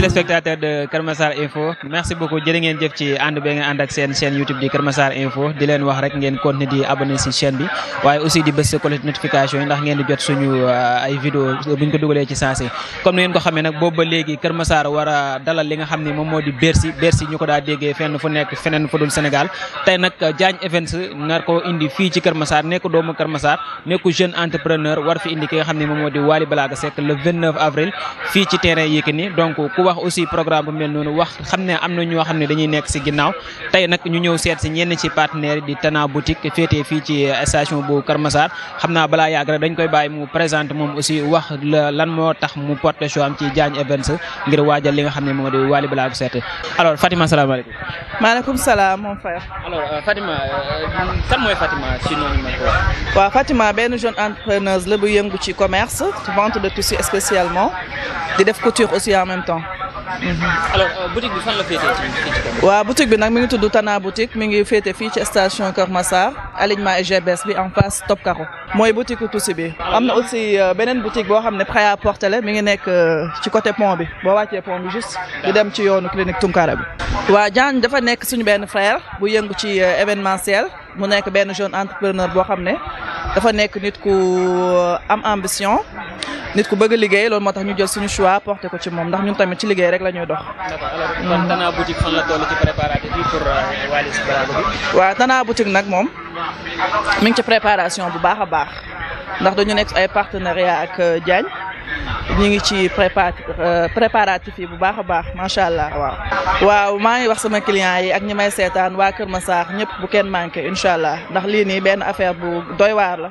téléspectateur de Kermassar Info merci beaucoup jëri ngeen jëf ci and bi nga and ak seen chaîne YouTube di Kermassar Info di leen wax rek ngeen continuer di abonné ci chaîne bi waye aussi di bës cloche notification yi ndax ngeen di jot suñu euh, ay vidéo buñ ko dugalé ci saa comme ni ngeen ko xamé nak boobu ba léegi Kër Massar dalal li nga xam mom modi Bercy Bercy ñuko da déggé fenn fu nekk fenen fu dul Sénégal tay nak euh, Diagne Events nar ko indi fi ci Kermassar nekk doomu Kermassar nekk jeune entrepreneur war fi indi ki nga xam mom modi Wali Blaga Waly le 29 avril fi ci terrain Yékini donc ku wax aussi programme bu mel noonu wax xam ne am na ñoo xam ne dañuy nekk si ginnaaw tey nag ñu ñëw seet si ñenn ci partenaire di Tana boutique féetee fii ci station bu Kër Massar balaa yàgg dañ koy bàyyi mu présente moom aussi wax lan moo tax mu porte show am ci Diagne Events ngir waajal li nga xam ne moom di Wally Ballago Seck alors Fatima salaamaaleykum. maaleykum salaam mon frère. alors euh, Fatima euh, kan mooy Fatima ci noonu ma ko waaw Fatima benn jeune entrepreneuse la bu yëngu ci commerce vente de tissu spécialement di def couture aussi en même temps. alors euh, boutique bi fan la féetee ci waaw boutique bi nag mi ngi tudd Tana boutique mi ngi féete fii ci station Kër Massar alignement GBS bi en face Top Caro mooy boutique Toussy bi am na aussi euh, beneen boutique boo xam ne prêt à porter la mi ngi nekk euh, ci côté pon bi boo wàccee pont bi juste di dem ci yoonu clinique Tunkara bi waa Diagne dafa nekk suñu benn frère bu yëngu ci événementiel mu nekk benn jeune entrepreneur boo xam ne dafa nekk nit ku am ambition nit ku bëgg liggéey loolu moo tax ñu jël suñu choix porté ko ci moom ndax ñun tamit ci liggéey rek la ñuy dox. kon Tana boutique fan la toll ci préparatif yi pour euh, Wally Seck bi. waaw Tana boutique nag moom mi ngi ci préparation bu baax a baax ndax dañu nekk ay partenariat ak euh, Diagne ñu ngi ci euh, préparatif yi bu baax a baax macha allah waaw. waaw maa ngi wax sama client yi ak ñi may seetaan waa Kër ma Massar ñëpp bu kenn manqué incha allah ndax lii nii benn affaire bu doy waar la.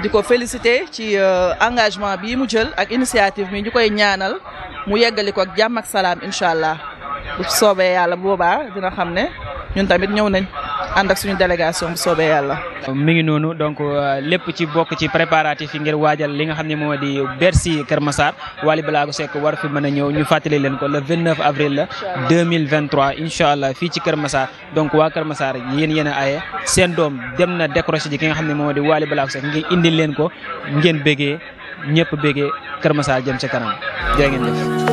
di ko féliciter ci euh, engagement bii mu jël ak initiative bi ñu koy ñaanal mu yeggali ko ak jàmm ak salaam incha allah bu soobee yàlla boobaa dina xam ne ñun tamit ñëw nañ. ànd ak suñu délégation soobee yàlla. mi ngi noonu donc euh, lépp ci bokk ci préparatif yi ngir waajal li nga xam ne moo di Bercy Kër Massar Wally Ballago Seck war fi mën a ñëw ñu fàttali leen ko le 29 avril la 2023 incha allah fii ci Kër Massar donc waa Kër Massar yéen yéen a aye seen doom dem na décroché ji ki nga xam ne moo di Wally Ballago Seck ngir indil leen ko ngeen bégee ñëpp bégee Kër Massar jëm ca kanam jërë ngeen jëf.